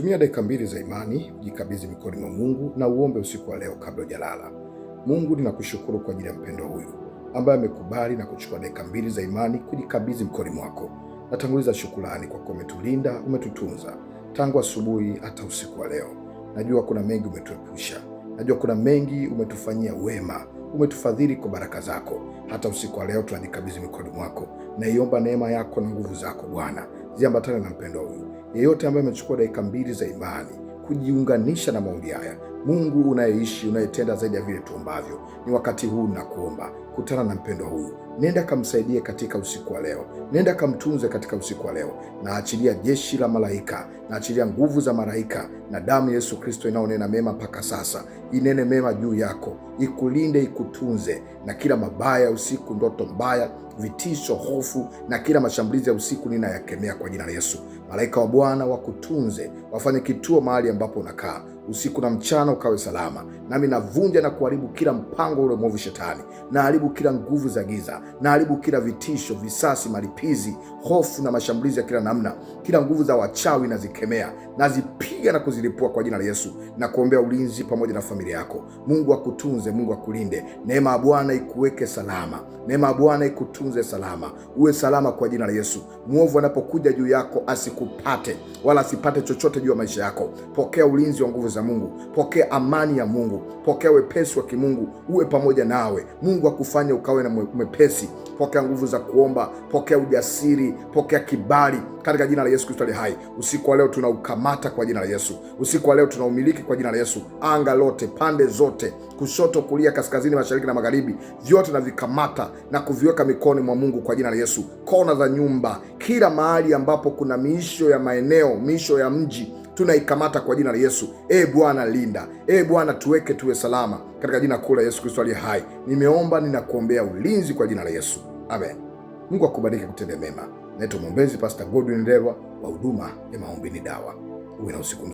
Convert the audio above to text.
Tumia dakika mbili za imani, jikabidhi mikononi mwa Mungu na uombe usiku wa leo kabla hujalala. Mungu, ninakushukuru kwa ajili ya mpendo huyu ambaye amekubali na kuchukua dakika mbili za imani kujikabidhi mikononi mwako. Natanguliza shukrani kwa kuwa umetulinda, umetutunza tangu asubuhi hata usiku wa leo. Najua kuna mengi umetuepusha, najua kuna mengi umetufanyia wema, umetufadhili kwa baraka zako. Hata usiku wa leo tunajikabidhi mikononi mwako, naiomba neema yako na nguvu zako Bwana ziambatane na mpendo huyu. Yeyote ambaye amechukua dakika mbili za imani kujiunganisha na maombi haya Mungu unayeishi unayetenda zaidi ya vile tuombavyo, ni wakati huu nakuomba, kutana na mpendwa huyu, nenda kamsaidie katika usiku wa leo, nenda kamtunze katika usiku wa leo. Naachilia jeshi la malaika, naachilia nguvu za malaika na damu Yesu Kristo inayonena mema mpaka sasa, inene mema juu yako, ikulinde, ikutunze na kila mabaya ya usiku, ndoto mbaya, vitisho, hofu na kila mashambulizi ya usiku ninayakemea kwa jina la Yesu. Malaika wa Bwana wakutunze, wafanye kituo mahali ambapo unakaa usiku na mchana ukawe salama. Nami navunja na kuharibu kila mpango ule mwovu Shetani, naharibu kila nguvu za giza, naharibu kila vitisho, visasi, malipizi, hofu na mashambulizi ya kila namna. Kila nguvu za wachawi nazikemea, nazip kuzipiga na kuzilipua kwa jina la Yesu na kuombea ulinzi pamoja na familia yako. Mungu akutunze, Mungu akulinde, neema ya Bwana ikuweke salama, neema ya Bwana ikutunze salama, uwe salama kwa jina la Yesu. Mwovu anapokuja juu yako asikupate wala asipate chochote juu ya maisha yako. Pokea ulinzi wa nguvu za Mungu, pokea amani ya Mungu, pokea wepesi wa kimungu uwe pamoja nawe. Mungu akufanye ukawe na mwepesi. Pokea nguvu za kuomba, pokea ujasiri, pokea kibali katika jina la Yesu Kristo ali hai. Usiku wa leo tunaukamata kwa jina la Yesu. Usiku wa leo tunaumiliki kwa jina la Yesu. Anga lote, pande zote, kushoto, kulia, kaskazini, mashariki na magharibi, vyote navikamata na kuviweka mikononi mwa Mungu kwa jina la Yesu. Kona za nyumba, kila mahali ambapo kuna miisho ya maeneo, miisho ya mji tunaikamata kwa jina la Yesu. E Bwana, linda. E Bwana, tuweke tuwe salama katika jina kuu la Yesu Kristo aliye hai. Nimeomba, ninakuombea ulinzi kwa jina la Yesu, amen. Mungu akubariki, kutende mema. Naitwa mwombezi Pastor Godwin Ndelwa wa huduma ya maombi ni dawa. Uwe na usiku